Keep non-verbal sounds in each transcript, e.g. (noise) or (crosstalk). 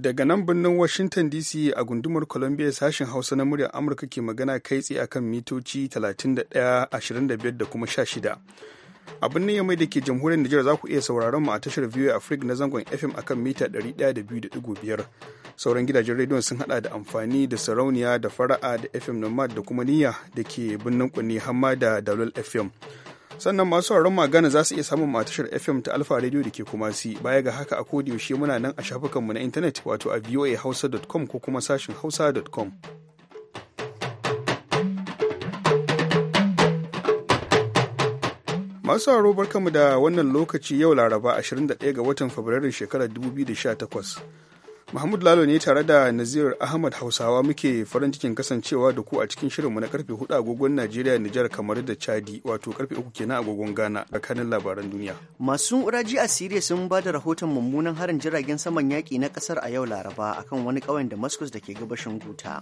Daga nan birnin Washington DC a gundumar Columbia sashen Hausa na muryar Amurka ke magana kai tsaye akan mitoci 31, da kuma 16. a birnin yamai da ke jamhuriyar Nijar za ku iya sauraron mu a tashar VOA Africa na zangon FM akan mita 102.5 sauran gidajen rediyon sun hada da amfani da sarauniya da fara'a da FM Nomad da kuma niyya da ke birnin kunni hamma da Dalol FM sannan masu sauraron magana za su iya samun matashar fm ta alfa radio da ke kuma si baya ga haka a yaushe muna nan a shafukanmu na intanet wato a voahausa.com ko kuma sashin hausa.com masu sauraro barkamu da wannan lokaci yau laraba 21 ga watan fabrairun shekarar 2018 Mahmud Lalo ne tare da Nazir Ahmad Hausawa muke farin cikin kasancewa da ku a cikin shirinmu na karfe 4 agogon Najeriya, Nijar, kamar da Chadi, wato karfe 3 kenan agogon Ghana a labaran duniya. Masu uraji a sun ba da rahoton mummunan harin jiragen saman yaki na kasar a yau Laraba akan wani ƙauyen Damascus da ke gabashin Guta.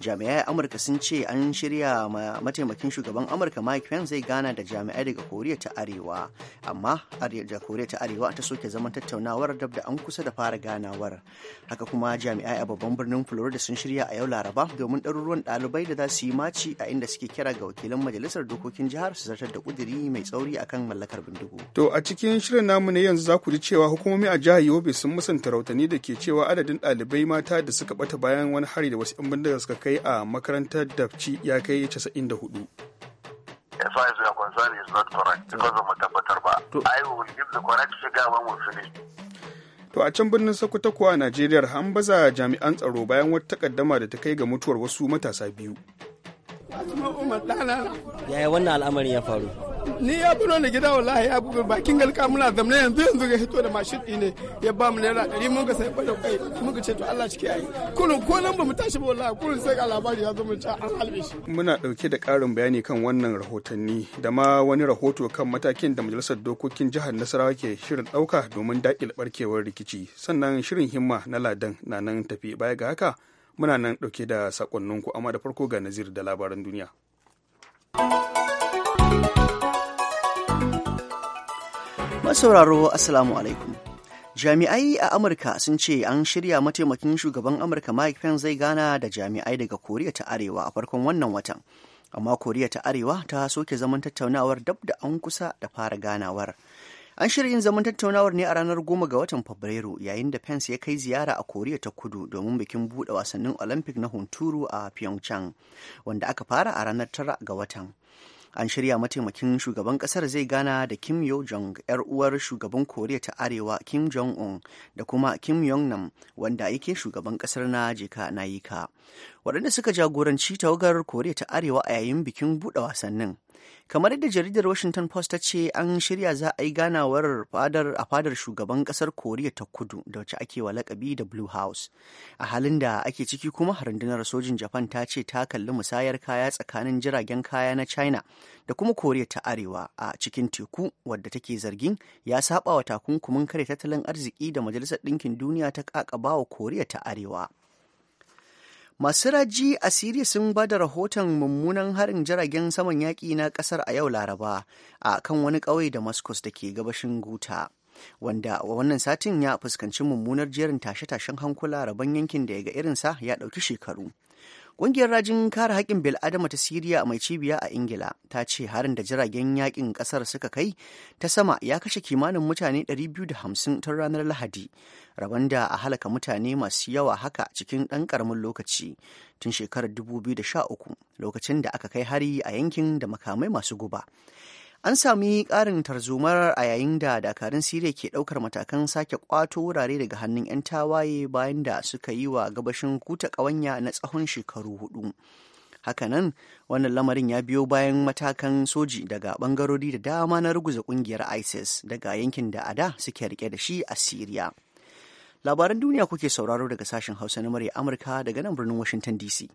Jami'ai Amurka sun ce an shirya mataimakin shugaban Amurka Mike Pence zai gana da jami'ai daga Koriya ta Arewa, amma da Koriya ta Arewa ta soke zaman tattaunawar dab da an kusa da fara ganawar. haka kuma jami'ai a babban birnin florida sun shirya a yau laraba domin ɗaruruwan ɗalibai da za su yi maci a inda suke kira ga wakilan majalisar dokokin jihar su zartar da ƙudiri mai tsauri akan mallakar bindigo to a cikin shirin namu na yanzu za ku ji cewa hukumomi a jihar yobe sun musanta rautani da ke cewa adadin ɗalibai mata da suka bata bayan wani hari da wasu 'yan bindiga suka kai a makarantar dabci ya kai 94 as far as we are concerned is not correct because ba my temperature. But i will give the correct figure when we finish To a can birnin Sokoto kuwa a Najeriya an baza jami'an tsaro bayan wata takaddama da ta kai ga mutuwar wasu matasa biyu. Yaya wannan al'amarin ya faru? ni ya bi da gida wallahi ya buga bakin galka muna zamna yanzu yanzu ga hito da mashin din ne ya ba mu naira ɗari mun ga sai bada kai mun ga ce to Allah ke yi kullum ko nan ba mu tashi ba wallahi kullum sai ga labari ya zo mu ta an halbe shi muna dauke da karin bayani kan wannan rahotanni da ma wani rahoto kan matakin da majalisar dokokin jihar Nasarawa ke shirin ɗauka domin dakile barkewar rikici sannan shirin himma na ladan na nan tafi baya ga haka muna nan dauke da sakonninku amma da farko ga nazir da labaran duniya. Masauraro Assalamu alaikum. Jami'ai a Amurka sun ce an shirya mataimakin shugaban Amurka Mike Pence zai gana da jami'ai daga Koriya ta Arewa a farkon wannan watan. Amma Koriya ta Arewa ta soke zaman tattaunawar dab da an kusa da fara ganawar. An shirya zaman tattaunawar ne a ranar goma ga watan Fabrairu yayin da Pence ya kai ziyara a Koriya ta Kudu domin bikin buɗe wasannin Olympic na hunturu a Pyeongchang wanda aka fara a ranar tara ga watan. an shirya mataimakin shugaban kasar zai gana da kim yo jong yar uwar shugaban koriya ta arewa kim jong un da kuma kim yong nam wanda yake shugaban kasar na jeka nayika waɗanda suka jagoranci tawagar koriya ta arewa a yayin bikin buɗe wasannin kamar yadda jaridar washington post ta ce an shirya za a yi ganawar fadar a fadar shugaban kasar koriya ta kudu da wacce ake wa lakabi da blue house a halin da ake ciki kuma rundunar sojin japan ta ce ta kalli musayar kaya tsakanin jiragen kaya na china da kuma koriya ta arewa a cikin teku wadda take zargin ya saba takunkumin kare tattalin arziki da majalisar ɗinkin duniya ta kakaba koriya ta arewa Masu raji a Siriya sun ba da rahoton mummunan harin jiragen saman yaƙi na ƙasar a yau Laraba a kan wani ƙauye Damascus da ke gabashin Guta. Wanda wannan satin ya fuskanci mummunar jerin tashe-tashen hankula rabon yankin da ya ga irinsa ya ɗauki shekaru. Ƙungiyar rajin kare haƙƙin bil'adama ta Siriya mai cibiya a Ingila ta ce harin da jiragen yaƙin ƙasar suka kai ta sama ya kashe kimanin mutane 250 tun ranar Lahadi, rabon da a halaka mutane masu yawa haka cikin ɗan ƙaramin lokaci tun shekarar 2013 lokacin da aka kai hari a yankin da makamai masu guba. an sami ƙarin tarzumar a yayin da dakarun siriya ke ɗaukar matakan sake ƙwato wurare daga hannun 'yan tawaye bayan da suka yi wa gabashin kuta ƙawanya na tsawon shekaru hudu hakanan wannan lamarin ya biyo bayan matakan soji daga ɓangarori da dama na ruguza ƙungiyar isis daga yankin da ada suke rike da shi a siriya labaran duniya kuke sauraro daga sashen hausa na murya amurka daga nan birnin washington dc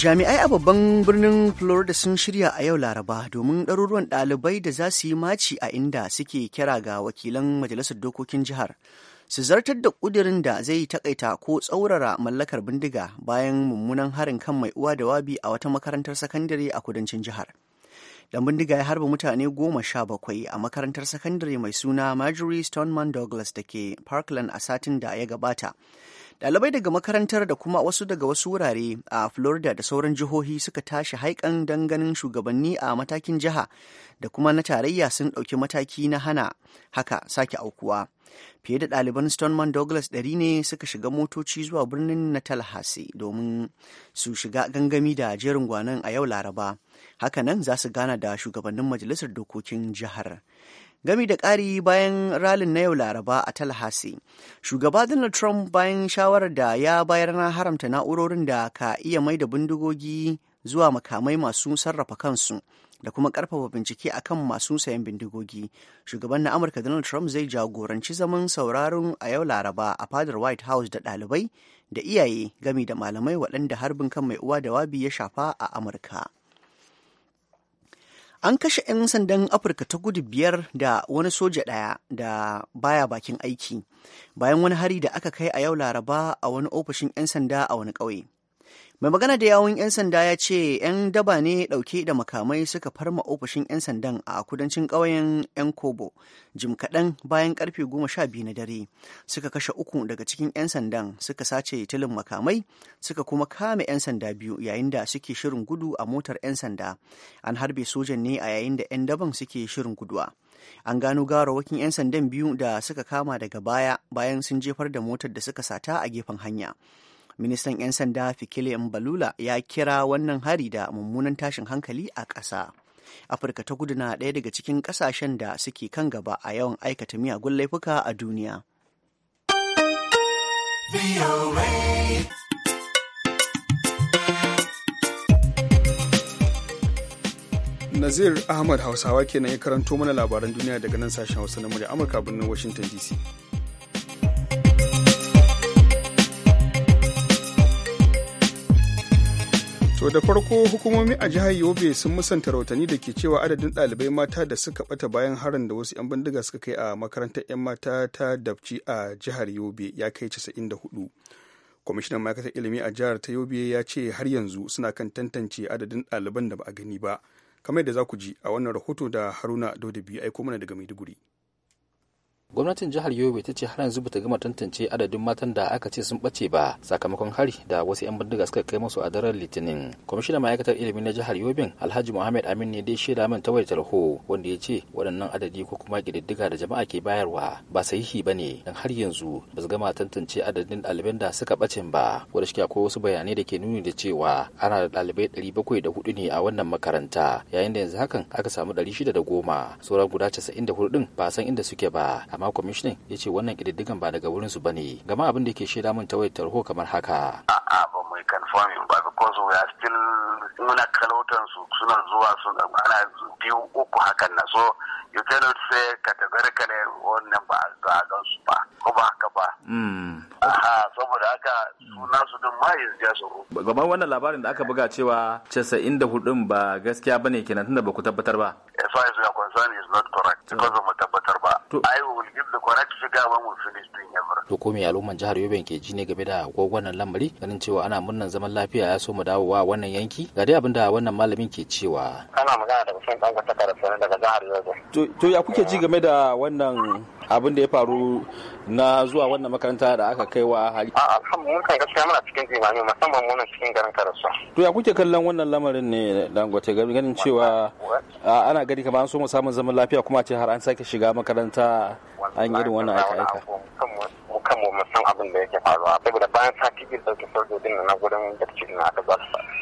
Jami'ai a babban birnin Florida sun shirya a yau Laraba domin ɗaruruwan ɗalibai da za su yi maci a inda suke kira ga wakilan Majalisar Dokokin Jihar su zartar da ƙudurin da zai taƙaita ko tsaurara mallakar bindiga bayan mummunan harin kan mai uwa da wabi a wata makarantar sakandare a kudancin jihar. Dan bindiga ya harba mutane goma sha bakwai a makarantar sakandare mai suna Marjorie Stoneman Douglas da ke Parkland a satin da ya gabata. dalibai daga makarantar da kuma wasu daga wasu wurare a Florida da sauran jihohi suka tashi haikan danganin shugabanni a matakin jiha da kuma na tarayya sun ɗauki mataki na hana haka sake aukuwa. Fiye da ɗaliban Stoneman Douglas ɗari ne suka shiga motoci zuwa birnin na Tallahassee domin su shiga gangami da jerin gwanon a yau Laraba. Hakanan za su gana da shugabannin majalisar dokokin jihar. Gami da ƙari bayan ralin na yau Laraba a Tallahassee, shugaba Donald Trump bayan shawarar da ya bayar na haramta na'urorin da ka iya mai da bindigogi zuwa makamai masu sarrafa kansu da kuma ƙarfafa bincike a kan masu sayan bindigogi shugaban na amurka donald trump zai jagoranci zaman sauraron a yau laraba a fadar white house da ɗalibai da iyaye gami da malamai waɗanda harbin kan mai uwa da wabi ya shafa a amurka An kashe 'yan sandan Afirka ta gudu biyar da wani soja ɗaya da baya bakin aiki bayan wani hari da aka kai a yau Laraba a wani ofishin 'yan sanda a wani ƙauye. mai magana da yawun 'yan sanda ya ce 'yan daba ne ɗauke da makamai suka farma ofishin 'yan sandan a kudancin ƙauyen 'yan kobo jim kaɗan bayan karfe goma sha biyu na dare suka kashe uku daga cikin 'yan sandan suka sace tilin makamai suka kuma kame 'yan sanda biyu yayin da suke shirin gudu a motar 'yan sanda an harbe sojan ne a yayin da 'yan daban suke shirin guduwa an gano garawakin 'yan sandan biyu da suka kama daga baya bayan sun jefar da motar da suka sata a gefen hanya ministan 'yan sanda fikile mbalula ya kira wannan hari da mummunan tashin hankali a ƙasa afirka ta kudu na ɗaya daga cikin ƙasashen da suke kan gaba a yawan aikata miyagun laifuka a duniya Nazir Ahmad Hausawa kenan ya karanto mana labaran duniya daga nan sashen Hausa na murya Amurka birnin Washington DC. To da farko hukumomi a jihar Yobe sun musanta rautani da ke cewa adadin ɗalibai mata da suka ɓata bayan harin da wasu 'yan bindiga suka kai a makarantar 'yan mata ta Dabci a jihar Yobe ya kai 94. Kwamishinan ma'aikatar ilimi a jihar ta Yobe ya ce har yanzu suna kan tantance adadin ɗaliban da ba a gani ba. Kamar da za ku ji a wannan rahoto da Haruna Dodabi aiko mana daga Maiduguri. gwamnatin jihar yobe ta ce har yanzu bata gama tantance adadin matan da aka ce sun bace ba sakamakon hari da wasu yan bindiga suka kai masu a daren litinin kwamishinan ma'aikatar ilimi na jihar yobe alhaji muhammad amin ne dai shaida min ta wayar wanda ya ce waɗannan adadi ko kuma ƙididdiga da jama'a ke bayarwa ba sahihi ba ne dan har yanzu ba su gama tantance adadin ɗaliban da suka bace ba wanda shi akwai wasu bayanai da ke nuni da cewa ana da ɗalibai ɗari bakwai da hudu ne a wannan makaranta yayin da yanzu hakan aka samu ɗari shida da goma sauran guda casa'in da hudu ɗin ba san inda suke ba amma kwamishinan ya ce wannan ƙididdigan ba daga wurinsu ba ne gama abin da ke shaida mun tawai tarho kamar haka. A'a ba mu confirm ba because we are still muna kalautan su suna zuwa su ana biyu uku hakan na so you cannot say categorically wannan ba za a gan su ba ko ba haka ba. Hmm. saboda haka suna su din ma yanzu ya su. Gaban wannan labarin da aka buga cewa casa'in da hudun ba gaskiya bane kenan tunda ba ku tabbatar ba. As far as we are concerned is not correct because ba mu tabbatar ba. I will ga shigawar musulmi duniya bara. To ko me al'umman jihar Yobe ke ji ne game da gwagwanan lamari ganin cewa ana murnan zaman lafiya ya so mu dawo wa wannan yanki ga dai abin wannan malamin ke cewa. Ana magana daga kusan ɗan kwata daga jihar Yobe. To ya kuke ji game da wannan abin da ya faru na zuwa wannan makaranta da aka kai wa hali. A alhamdulillah kai gaskiya muna cikin jimami musamman muna cikin garin Karasu. To ya kuke kallon wannan lamarin ne Dangote ganin cewa ana gani kamar an so mu samun zaman lafiya kuma ce har an sake shiga makaranta an yi wannan aika-aika. kanmu mu san abin da yake faruwa saboda bayan sati biyu dauke sojojin na gudun da na aka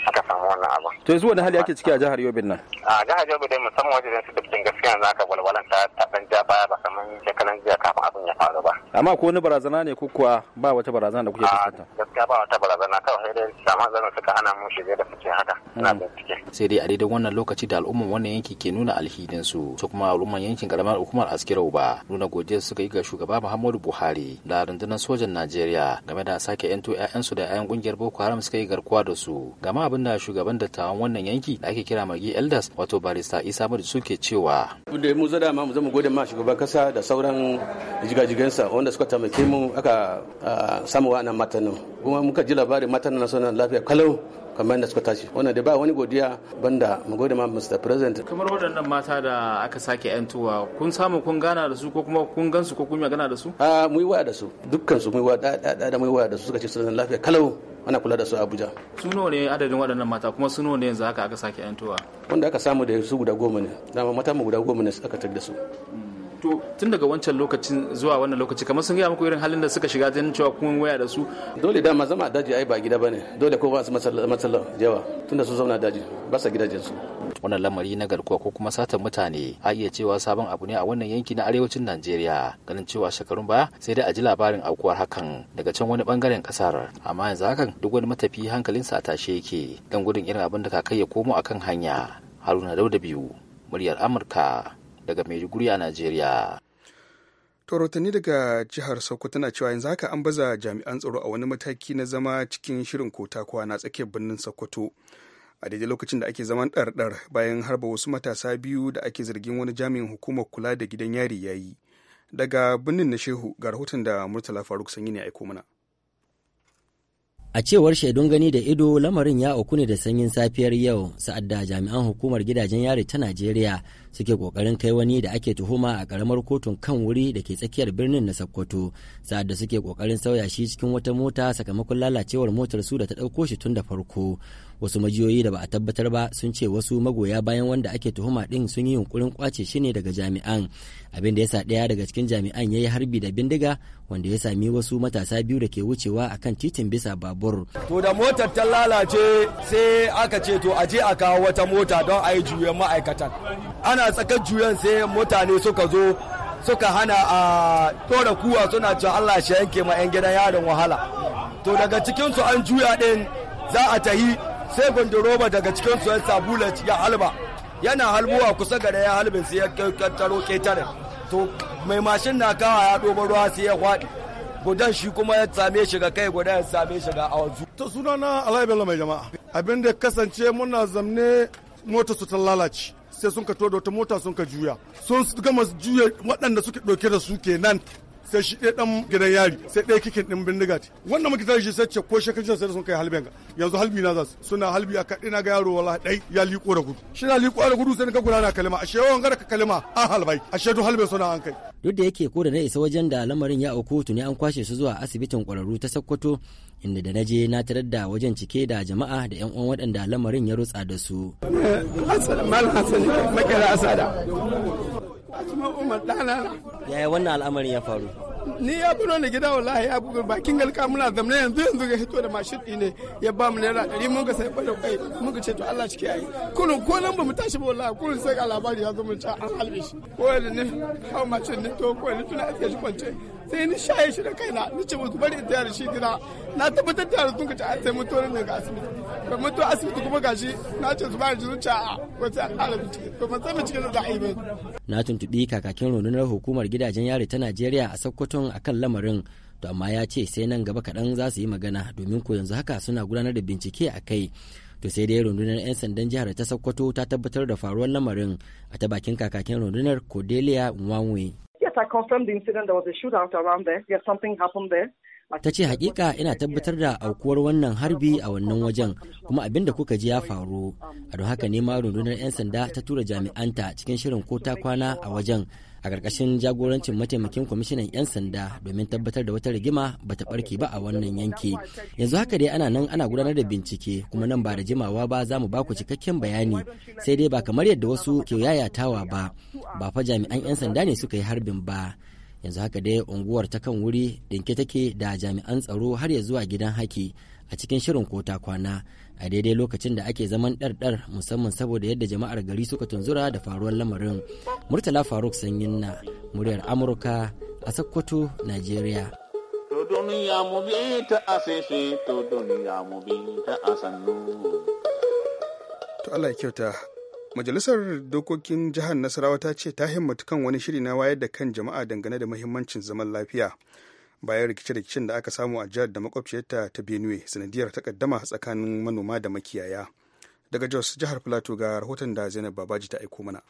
aka samu wannan abin. To yanzu wani hali ake ciki a jihar Yobe nan? A jihar Yobe dai musamman wajen su da gaskiya zaka walwala walwalan ta ta dan ja baya ba kaman shekaran jiya kafin abin ya faru ba amma ko wani barazana ne ko kuwa ba wata barazana da kuke ah, fuskanta gaskiya ba wata barazana kawai sai dai jama'a zanen suka hana mu shige da fice haka na hmm. bincike sai dai a daidai wannan lokaci da al'umman wannan yanki ke nuna alhidin su su kuma al'umman yankin karamar hukumar askirau ba nuna godiya suka yi ga shugaba muhammadu buhari da rundunar sojan najeriya game da sake yanto su da 'ya'yan kungiyar boko haram suka yi garkuwa da su gama abin da shugaban dattawan wannan yanki da ake kira magi elders wato barista isa madu suke cewa addu'a da mu zo dama mu zama gode ma shugaban kasa da sauran jigajigansa wanda suka taimake mu aka samu wa'annan matan kuma muka ji labarin matan nan suna lafiya kalau kamar yadda suka tashi wannan da ba wani godiya banda mu gode ma Mr President kamar waɗannan mata da aka sake yantuwa kun samu kun gana da su ko kuma kun gansu ko kun magana da su a mu yi waya da su dukkan su mu yi waya da mu yi waya da su suka ce suna lafiya kalau ana kula da su a abuja su nawa ne adadin waɗannan mata kuma su nawa ne yanzu haka aka sake yantowa wanda aka samu da su guda goma ne dama mata mu guda goma ne aka tar da su hmm. to tun daga wancan lokacin zuwa wannan lokaci kamar sun gaya muku irin halin da suka shiga tun cewa kun waya da su dole dama zama a daji ai ba gida bane dole ko ba su matsala jawa tunda su zauna daji ba sa gidajen su wannan lamari na garkuwa ko kuma satar mutane a iya cewa sabon abu ne a wannan yanki na arewacin najeriya ganin cewa shekarun baya sai dai a ji labarin aukuwar hakan daga can wani bangaren kasar amma yanzu hakan duk wani matafi hankalinsa a tashe yake dan gudun irin abin da kakai ya komo akan hanya haruna dauda biyu muryar amurka daga maiduguri a najeriya to rahotanni daga jihar sokoto na cewa yanzu haka an baza jami'an tsaro a wani mataki na zama cikin shirin kota na tsakiyar birnin sokoto a daidai lokacin da ake zaman ɗarɗar bayan harba wasu matasa biyu da ake zargin wani jami'in hukumar kula da gidan yari ya yi daga birnin na shehu ga rahoton da murtala faruk sanyi ne aiko mana a cewar shaidun gani da ido lamarin ya auku ne da sanyin safiyar yau sa'ad da jami'an hukumar gidajen yari ta najeriya suke kokarin kai wani da ake tuhuma a karamar kotun kan wuri da ke tsakiyar birnin na sokoto sa'ad da suke kokarin sauya shi cikin wata mota sakamakon lalacewar motar su da ta ɗauko shi tun da farko wasu majiyoyi da ba a tabbatar ba sun ce wasu magoya bayan wanda ake tuhuma din sun yi yunkurin kwace shi ne daga jami'an abin da yasa daya daga cikin jami'an ya yi harbi da bindiga wanda ya sami wasu matasa biyu da ke wucewa akan titin bisa babur. to da motar ta lalace sai aka ce to a je a kawo wata mota don a yi juyen ma'aikatan ana tsakar juyen sai mutane suka zo suka hana a tora kuwa suna cewa Allah shi yanke ma 'yan gidan yarin wahala to daga cikinsu an juya din za a tahi sai gondoroba daga cikin su ya sabula ya halba yana halbuwa kusa gare ya halbin sai ya tattaro ketare to mai mashin na kawa ya dobo ruwa sai ya kwaɗi gudan shi kuma ya same shi ga kai gudan ya same shi ga awanzu to suna na alai bello mai jama'a abin da kasance muna zamne mota su ta lalace sai sun ka to da wata mota sun ka juya sun gama juya waɗanda suke ɗauke da su kenan sai shi ɗaya ɗan gidan yari sai ɗaya kikin ɗin bindiga ce wannan muke tare shi sai ce ko shekaru sai sun kai halben ga yanzu halbi na za su suna halbi a kaɗai na ga yaro wala ɗai ya liƙo da gudu shi na liƙo da gudu sai ga gudana kalima a shewa gara ka kalima an halbai a shedu halbe suna an kai. duk da yake ko da na isa wajen da lamarin ya auku tuni an kwashe su zuwa asibitin ƙwararru ta sakkwato inda da na je na tarar da wajen cike da jama'a da yan uwan waɗanda lamarin ya rutsa da su. Eh, Asma Umar ɗana. Yaya wannan al'amarin ya faru? ni ya buno ni gida wallahi ya buga bakin galka muna zamna yanzu yanzu ga hito da mashin din ne ya ba mu naira ɗari mun ga sai bada kai mun ga ce to Allah cike yayi kullu ko nan ba mu tashi ba wallahi kullu sai ga labari ya zo mun ta an halbe shi ko da ne hawa mashin ne to ko ne tuna ake shi kwance sai ni shaye shi da kaina ni ce ku bari da shi gida na tabbatar da sun ka ci sai mun tona ne ga asibiti ba mu to asibiti kuma gashi na ce su ba ji zuciya a wata halabi bincike ba san bincike da za a yi na tuntubi kakakin rundunar hukumar gidajen yari ta Najeriya a Sokoto a kan lamarin to amma ya ce sai nan gaba kaɗan za su yi magana domin ko yanzu haka suna gudanar da bincike a kai to sai dai rundunar 'yan sandan jihar ta sokoto ta tabbatar da faruwar lamarin a ta bakin kakakin rundunar cordelia nwanwe ta ce hakika ina tabbatar da aukuwar wannan harbi a wannan wajen kuma abin da kuka ji ya faru a don haka ne ma rundunar 'yan sanda ta tura jami'anta cikin shirin ko ta kwana a wajen a ƙarƙashin jagorancin mataimakin kwamishinan 'yan sanda domin tabbatar da wata rigima ba ta ɓarke ba a wannan yanki yanzu haka dai ana nan ana gudanar da bincike kuma nan ba da jimawa ba za mu ba ku cikakken bayani sai dai ba kamar yadda wasu ke yayatawa ba ba fa jami'an 'yan sanda ne suka yi harbin ba yanzu haka dai unguwar ta kan wuri ɗinke take da jami'an tsaro har ya zuwa gidan haki a cikin shirin kota kwana a daidai lokacin da ake zaman ɗarɗar musamman saboda yadda jama'ar gari suka tunzura da faruwar lamarin murtala faruk sanyin na muryar amurka a sokoto nigeria to Allah ya kyauta majalisar dokokin jihar nasarawa ta ce ta himmatu kan wani shiri na wayar da kan jama'a dangane da muhimmancin zaman lafiya bayan rikice-rikicen da aka samu a jihar da makwabciyarta ta benue sanadiyar takaddama tsakanin manoma da makiyaya daga jos jihar filato ga rahoton da zainab babaji ta aiko mana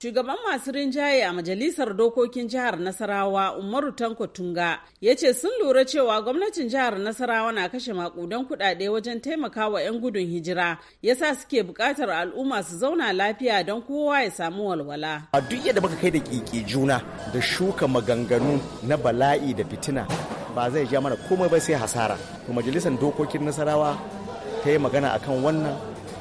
Shugaban masu rinjaye a Majalisar Dokokin Jihar Nasarawa Umaru Tanko Tunga ya ce sun lura cewa gwamnatin jihar Nasarawa na kashe makudan kudade wajen taimakawa 'yan gudun hijira yasa suke bukatar al'umma su zauna lafiya don kowa ya samu walwala. A duk yadda muka kai da kiki juna da shuka maganganu na bala'i da fitina ba zai ja mana komai ba sai hasara. Majalisar Dokokin Nasarawa ta yi magana akan wannan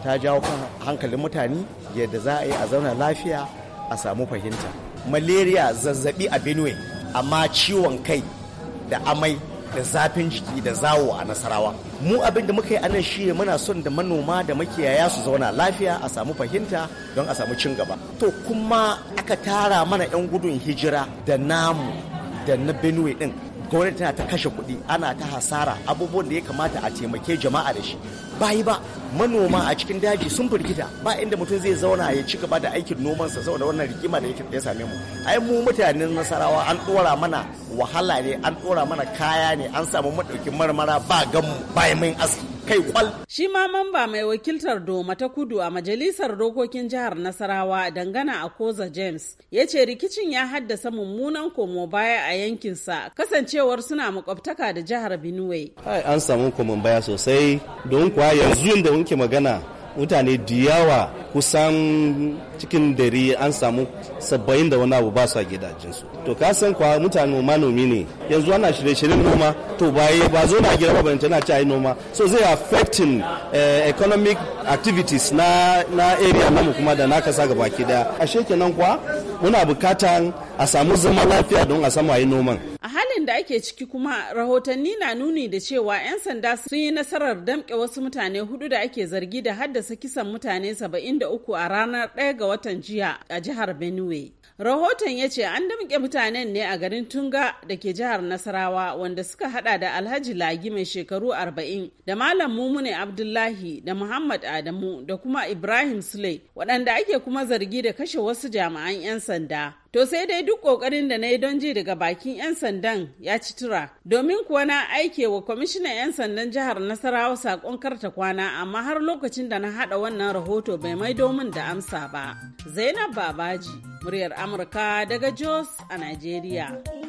ta jawo kan hankalin mutane yadda za a yi a zauna lafiya a samu fahimta malaria zazzabi a benue amma ciwon kai da amai da zafin jiki da zawo a nasarawa mu abin da muka yi anan shi muna son da manoma da makiyaya su zauna lafiya a samu fahimta don a samu cin gaba to kuma aka tara mana 'yan gudun hijira da namu da na benue din gwamnati tana ta kashe kuɗi ana ta hasara abubuwan da ya kamata a taimake jama'a da shi bayi ba manoma a cikin daji sun firgita ba inda mutum zai zauna ya ci gaba da aikin nomansa saboda wannan rigima da yake ya same mu ai mu mutanen nasarawa an dora mana wahala ne an dora mana kaya ne an samu madaukin marmara ba gamu bayan mun aski kai kwal. Shi ma mamba mai wakiltar Doma ta Kudu a Majalisar Dokokin Jihar Nasarawa dangana a Koza James ya ce rikicin ya haddasa mummunan komo baya a yankinsa kasancewar suna makwabtaka da jihar Benue. Ai an samu komo baya sosai don kuwa yanzu yadda muke magana mutane diyawa kusan cikin dare an samu saba'in da wani abu ba su a gidajensu to ka san kwa mutane manomi ne yanzu ana shirye-shiryen noma to baye ba zo na gida ba tana na ci yi noma so zai affecting eh, economic activities na na area namu kuma da na kasa gabaki daya ashe kenan kwa muna bukatan a samu zama lafiya don a samu yi noman a halin da ake ciki kuma rahotanni na nuni da cewa 'yan sanda sun yi nasarar damke wasu mutane hudu da ake zargi da haddasa kisan mutane 73 a ranar 1 ga watan jiya a jihar Benue. Rahoton ya ce an damƙe mutanen ne a garin Tunga da ke jihar Nasarawa wanda suka hada da Alhaji Lagi mai shekaru 40 da Malam Mumune Abdullahi da Muhammad Adamu da kuma Ibrahim Sule waɗanda ake kuma zargi da kashe wasu jami'an 'yan sanda. To sai dai duk ƙoƙarin da na yi don ji daga bakin 'yan sandan ya ci tura. Domin kuwa na aike wa kwamishinan 'yan sandan jihar Nasarawa saƙon karta kwana amma har lokacin da na haɗa wannan rahoto bai maido min da amsa ba. Zainab Babaji, muryar Amurka daga Jos a Najeriya.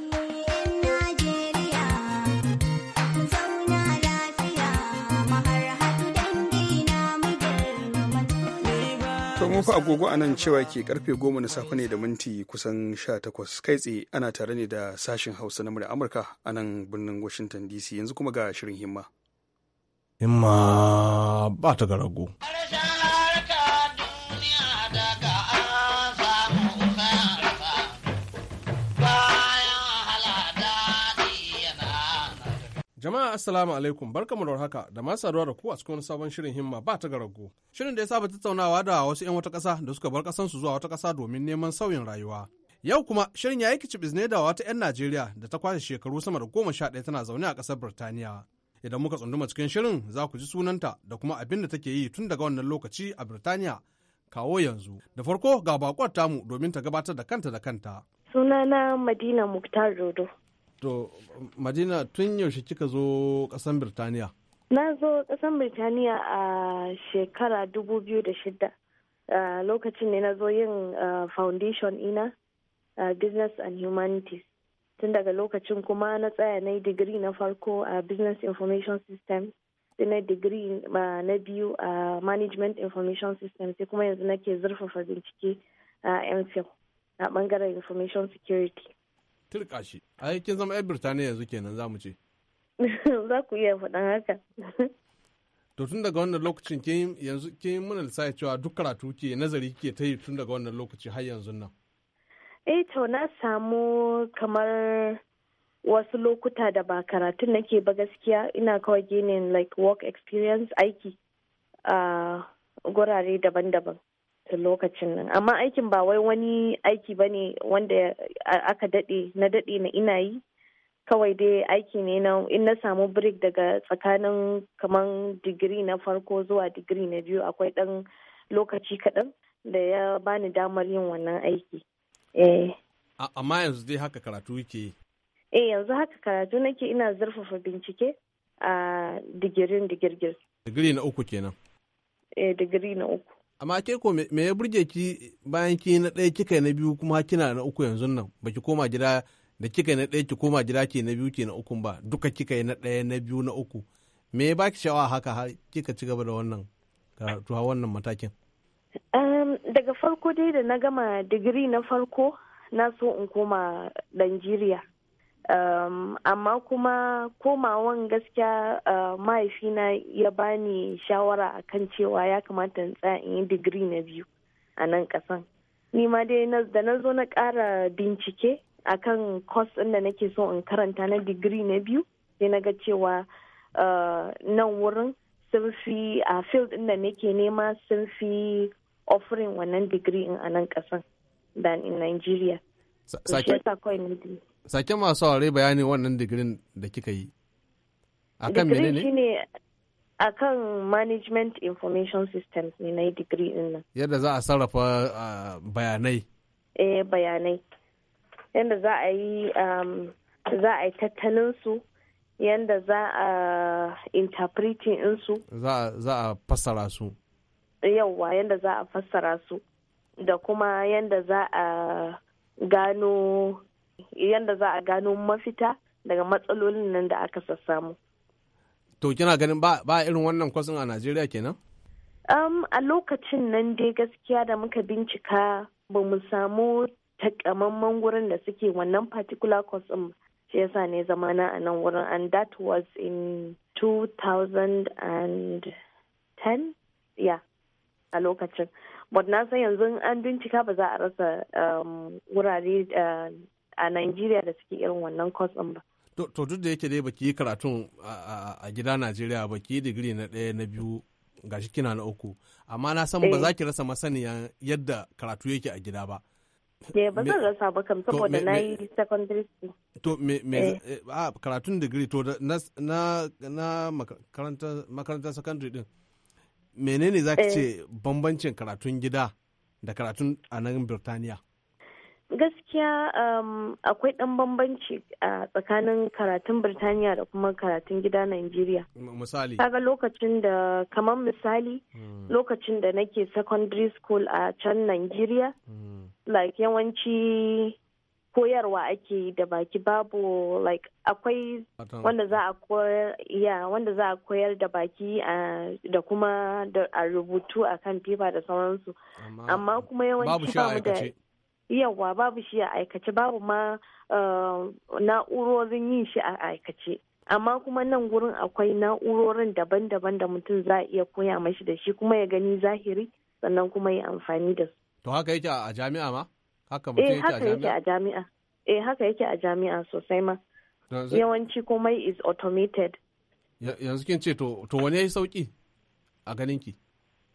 kuma ku agogo a nan cewa ke karfe goma na safe ne da minti kusan sha takwas kai tsaye ana tare ne da sashen hausa na murya amurka a nan birnin washington dc yanzu kuma ga shirin himma himma ba ta ga rago Jama'a assalamu alaikum barkamu da haka da ma saduwa da ku a cikin sabon shirin himma ba ta garago. Shirin da ya saba tattaunawa da wasu 'yan wata ƙasa da suka bar ƙasansu zuwa wata ƙasa domin neman sauyin rayuwa. Yau kuma shirin ya yi kicibis ne da wata 'yan Najeriya da ta kwashe shekaru sama da goma sha ɗaya tana zaune a ƙasar Birtaniya. Idan muka tsunduma cikin shirin za ku ji sunanta da kuma abin da take yi tun daga wannan lokaci a Birtaniya kawo yanzu. Da farko ga bakwar tamu domin ta gabatar da kanta da kanta. Sunana Madina Muktar Dodo. To, Madina tun yaushe kika zo kasan Birtaniya? Na zo ƙasar Birtaniya a shekara 2006. Lokacin ne na zo yin foundation ina business and humanities. Tun daga lokacin kuma na tsaya na yi digiri na farko a business information system. sai na digiri na biyu a management information system sai kuma yanzu nake zurfafa bincike a mfil a bangaren information security turka shi ai kin zama 'yan birtaniya yanzu kenan za mu ce (laughs) za ku iya faɗan haka (laughs) to tun daga wannan lokacin ke yanzu ke muna lissafi cewa duk karatu ke nazari ke ta yi tun daga wannan lokaci har yanzu nan eh to na samu kamar wasu lokuta da ba karatun nake ba gaskiya ina kawai ginin like work experience aiki a ah, gurare daban-daban lokacin nan amma aikin ba wai wani aiki ba ne wanda aka daɗe na daɗe na ina yi kawai dai aiki ne na in na samu break daga tsakanin kamar digiri na farko zuwa digiri na biyu akwai ɗan lokaci kaɗan da ya bani damar yin wannan aiki eh amma yanzu dai haka karatu yake eh yanzu haka karatu nake ina zurfafa bincike a digirin digirgir digiri na uku kenan eh digiri na uku amma ke ko me ya burge ki bayan ki na ɗaya kika na biyu kuma kina na uku yanzu nan baki koma gida da kika na ɗaya ki koma gida ke na biyu ke na ukun ba duka kika na ɗaya na biyu na uku me ya baki sha'awa haka har kika ci gaba da wannan karatu a wannan matakin daga farko dai da na gama digiri na farko na so in koma Najeriya Um, amma kuma komawan gaskiya uh, mahaifina ya bani shawara akan cewa ya kamata in tsaya in yi digiri na biyu a nan kasan ni ma dai da na zo na ƙara bincike akan kwas ɗin da nake so in karanta na digiri na biyu sai na ga cewa uh, nan wurin sun fi a field ɗin da nake nema sun fi offering wannan digiri in a nan kasan than in Nigeria. sake sake masu aure bayanin wannan digirin da kika yi akan menene ne akan management information systems ne na yi digiri din nan yadda za a sarrafa bayanai eh bayanai yadda za a yi um, za a yi tattalin su yadda za a interpreting su. za a fassara su yauwa yadda za a fassara su da kuma yadda za a gano yadda za a gano mafita daga matsalolin nan da aka sassamu. To kina ganin ba irin wannan kwasin a Najeriya kenan? Um, a lokacin nan dai gaskiya da muka bincika ba mu samu takamamman wurin da suke wannan particular course ɗin shi yasa ne zamana a nan wurin and that was in 2010 yeah a lokacin but na san yanzu an bincika ba za a rasa um, wurare uh, a Najeriya da suke irin wannan kwas din ba. To duk da yake dai baki yi karatun a gida Najeriya baki yi digiri na ɗaya na biyu gashi kina na uku amma na san ba eh. za ki rasa masaniya yadda karatu yake a gida ba. Ke eh, ba zan rasa ba kam saboda na yi secondary school. To me me eh. a karatun digiri to na na makarantar secondary din menene za ki ce bambancin karatun gida da karatun a nan Birtaniya? gaskiya um, akwai ɗan bambanci a tsakanin karatun birtaniya da kuma karatun gida najeriya misali kaga lokacin da kamar misali hmm. lokacin da nake secondary school a can najeriya hmm. like yawanci koyarwa ake yi da baki babu like akwai wanda za a koyar ya wanda za a koyar da baki da kuma a rubutu akan fifa da sauransu amma kuma yawanci babu da yawa babu shi a aikace babu ma eh, na'urorin yin shi a aikace amma kuma nan gurin akwai na'urorin daban-daban da mutum za a iya koya mashi da shi kuma ya gani zahiri sannan kuma ya amfani da su. To haka yake a jami'a ma? Haka mutum eh, yake a jami'a? Eh haka yake a jami'a sosai ma. Yawanci komai is automated. Yanzu kin ce to wani ya yi sauki a ganin ki.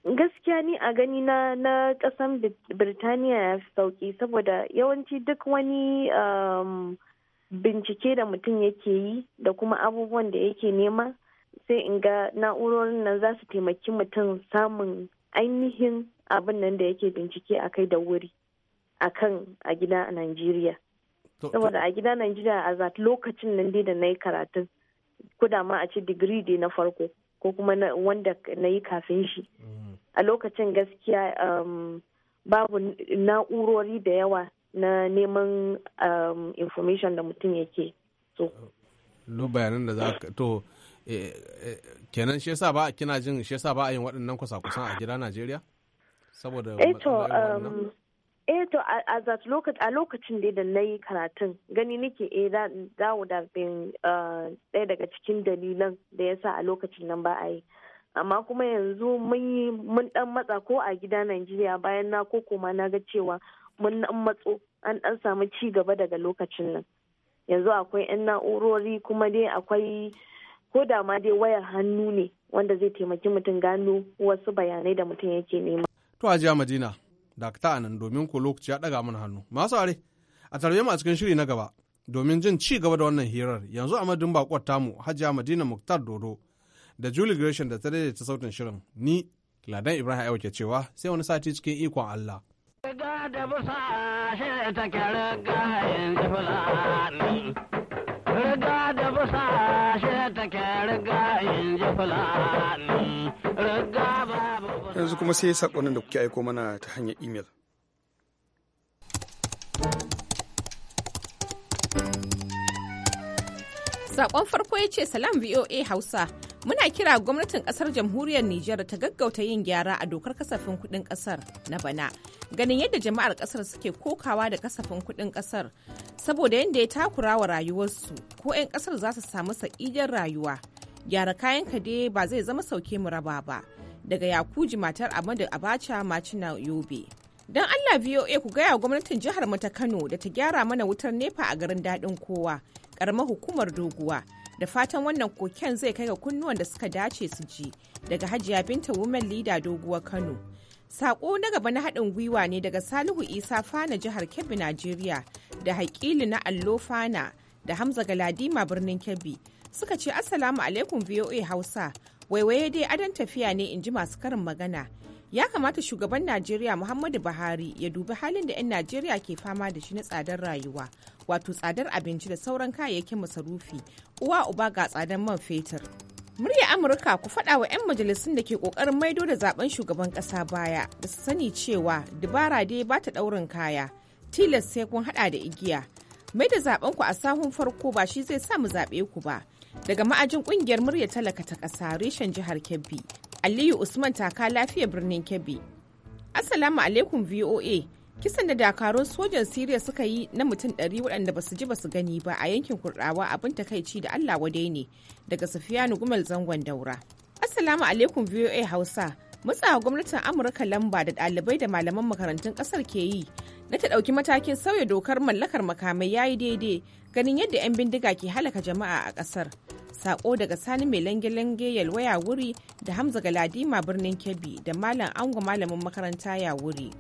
gaskiya ni a gani na na kasan birtaniya ya fi sauki saboda yawanci duk wani um, bincike da mutum yake yi da kuma abubuwan da yake nema sai in ga na'urorin nan za su taimaki mutum samun ainihin abin nan da yake bincike a kai da wuri a kan a gida a Najeriya. Saboda a gida Najeriya a zat lokacin nan dai da na yi karatun kudama a ce digiri dai na farko ko kuma wanda na yi kafin shi. Mm. a lokacin gaskiya um, babu na'urori da yawa na neman um, information da mutum yake so duk bayanan da za ka to eh, eh, kenan shi yasa ba kina jin shi yasa ba a yin waɗannan kusa-kusan a gida Najeriya saboda eh to um, eh a a lokaci a lokacin da da nayi karatun gani nake eh da dawo da bin daya uh, daga cikin dalilan da yasa a lokacin nan ba a yi amma kuma yanzu mun dan matsa ko a gida Najeriya bayan na ko kuma na ga cewa mun dan matso an dan samu ci gaba daga lokacin nan yanzu akwai 'yan na'urori kuma dai akwai ko da ma dai wayar hannu ne wanda zai taimaki mutum gano wasu bayanai da mutum yake nema. To a jiya Madina, dakta a nan domin ko lokaci ya daga mana hannu. Masu are, a tarbe mu a cikin shiri na gaba domin jin ci gaba da wannan hirar yanzu a madin bakwar tamu Hajiya Madina Muktar Dodo da Julie Gresham da ta daidaita sautin shirin ni Ladan Ibrahim Ayo ke cewa sai wani sati cikin ikon Allah. Riga da busa shi take riga yanzu fulani. Riga da busa shi take riga yanzu fulani. Riga babu Yanzu kuma sai saƙonin da kuke aiko mana ta hanyar imel. Saƙon farko ya ce Salam VOA Hausa. Muna kira gwamnatin kasar jamhuriyar Nijar ta gaggauta yin gyara a dokar kasafin kudin kasar na bana. Ganin yadda jama'ar kasar suke kokawa da kasafin kudin kasar saboda yadda ya takura wa rayuwarsu ko 'yan kasar za su samu sa'idar rayuwa. Gyara kayan ka kade ba zai zama sauke mu raba ba. Daga Yakuji matar Amadu Abacha Macina Yobe. Don Allah VOA ku gaya gwamnatin jihar mu ta Kano da ta gyara mana wutar nepa a garin daɗin kowa, karamar hukumar doguwa. da fatan wannan koken zai kai ga kunnuwan da suka dace su ji daga hajiya binta women leader doguwa kano Sako na gaba na haɗin gwiwa ne daga Salihu Isa Fana jihar Kebbi, Najeriya da Haƙili na Allo Fana da Hamza Galadima birnin Kebbi suka ce Assalamu alaikum VOA Hausa. Waiwaye dai adon tafiya ne in ji masu karin magana ya kamata shugaban najeriya muhammadu buhari ya dubi halin da 'yan najeriya ke fama da shi na tsadar rayuwa wato tsadar abinci da sauran kayayyakin masarufi uwa uba ga tsadar man fetur murya amurka ku faɗa wa 'yan majalisun da ke ƙoƙarin maido da zaben shugaban ƙasa baya da su sani cewa dubara dai ba ta ɗaurin kaya tilas sai kun haɗa da igiya mai da zaben ku a sahun farko ba shi zai sa mu zaɓe ku ba daga ma'ajin ƙungiyar murya talaka ta ƙasa reshen jihar kebbi Aliyu Usman taka lafiya birnin Kebbi. Assalamu alaikum VOA. Kisan da dakarun sojan Siriya suka yi na mutum ɗari waɗanda ba su ji ba su gani ba a yankin kurɗawa abin takaici da Allah wadai ne daga Sufiyanu Gumal zangon daura. Assalamu alaikum VOA Hausa. Matsawa gwamnatin Amurka lamba da ɗalibai da malaman makarantun ƙasar ke yi na ta ɗauki matakin sauya dokar mallakar makamai ya yi daidai ganin yadda 'yan bindiga ke halaka jama'a a ƙasar. Sako daga Sani mai lange-lange yalwaya wuri da Hamza Galadima birnin Kebbi da Malam Ango malamin makaranta ya wuri.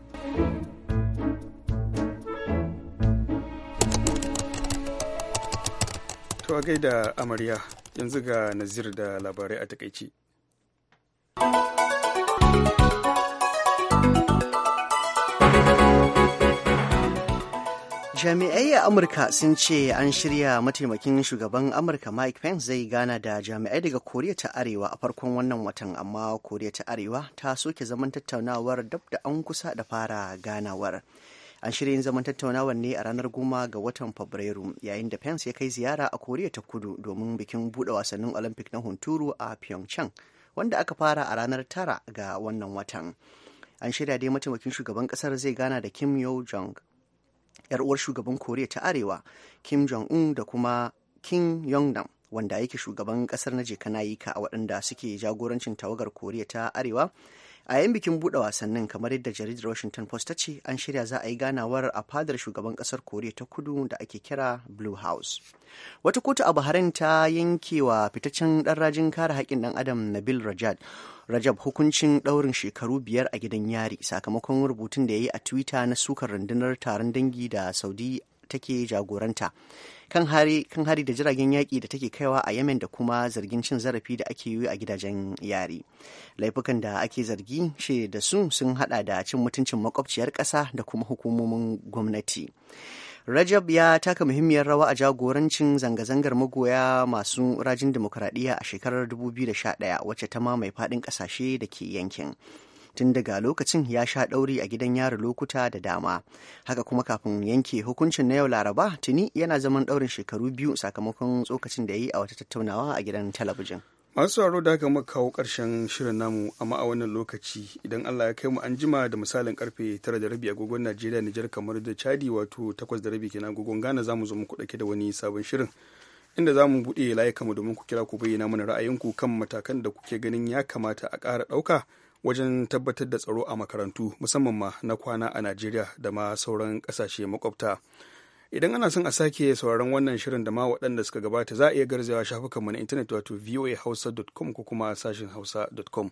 To a gaida amarya yanzu ga Nazir da labarai a takaici. Jami'ai a Amurka sun ce an shirya mataimakin shugaban Amurka Mike Pence zai gana da jami'ai daga Koriya ta Arewa a farkon wannan watan amma Koriya ta Arewa ta soke zaman tattaunawar dab da an kusa da fara ganawar. An shirya zaman tattaunawar ne a ranar goma ga watan Fabrairu yayin da Pence ya kai ziyara a Koriya ta Kudu domin bikin buɗe wasannin Olympic na hunturu a Pyeongchang wanda aka fara a ranar tara ga wannan watan. An shirya dai mataimakin shugaban kasar zai gana da Kim Yo Jong 'yar uwar shugaban koriya ta arewa kim jong-un da kuma kim yong-nam wanda yake shugaban kasar na jeka ka a waɗanda suke jagorancin tawagar koriya ta arewa a yayin bikin buɗe wasannin kamar yadda jaridar washington post ta ce an shirya za a yi ganawar a fadar shugaban ƙasar koriya ta kudu da ake kira blue house wata kotu a bahrain ta yanke wa fitaccen ɗan rajin kare haƙƙin ɗan adam nabil rajad rajab hukuncin ɗaurin shekaru biyar a gidan yari sakamakon rubutun da ya yi a twitter na sukar rundunar taron dangi da saudi take jagoranta kan hari da jiragen yaƙi da take kaiwa a Yemen da kuma zargin cin zarafi da ake yi a gidajen yari. Laifukan da ake zargi ce da su sun hada da cin mutuncin makwabciyar ƙasa da kuma hukumomin gwamnati. Rajab ya taka muhimmiyar rawa a jagorancin zanga-zangar magoya masu rajin demokuraɗiyya a shekarar 2011 wacce ta ma mai faɗin ƙasashe da ke yankin. tun daga lokacin ya sha ɗauri a gidan yari lokuta da dama haka kuma kafin yanke hukuncin na yau laraba tuni yana zaman ɗaurin shekaru biyu sakamakon tsokacin da ya yi a wata tattaunawa a gidan talabijin masu sauraro da aka muka kawo ƙarshen shirin namu amma a wannan lokaci idan allah ya kai mu an jima da misalin karfe tara da rabi agogon najeriya nijar kamar da chadi wato takwas da rabi kenan agogon ghana za mu zo muku ɗauke da wani sabon shirin inda za mu buɗe layukanmu domin ku kira ku bayyana mana ra'ayinku kan matakan da kuke ganin ya kamata a ƙara ɗauka wajen tabbatar da tsaro a makarantu musamman ma na kwana a najeriya da ma sauran kasashe makwabta idan ana son a sake sauraron wannan shirin da ma waɗanda suka gabata za a iya garzawa shafukanmu na intanet wato voahausa.com ko kuma sashen hausa.com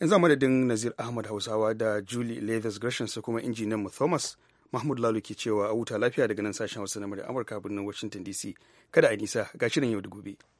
in za madadin nazir ahmad hausawa da julie levis gresham su kuma injiniyan mu thomas mahmud lalu ke cewa a wuta lafiya daga nan sashen hausa na amurka birnin washington dc kada a nisa ga shirin yau da gobe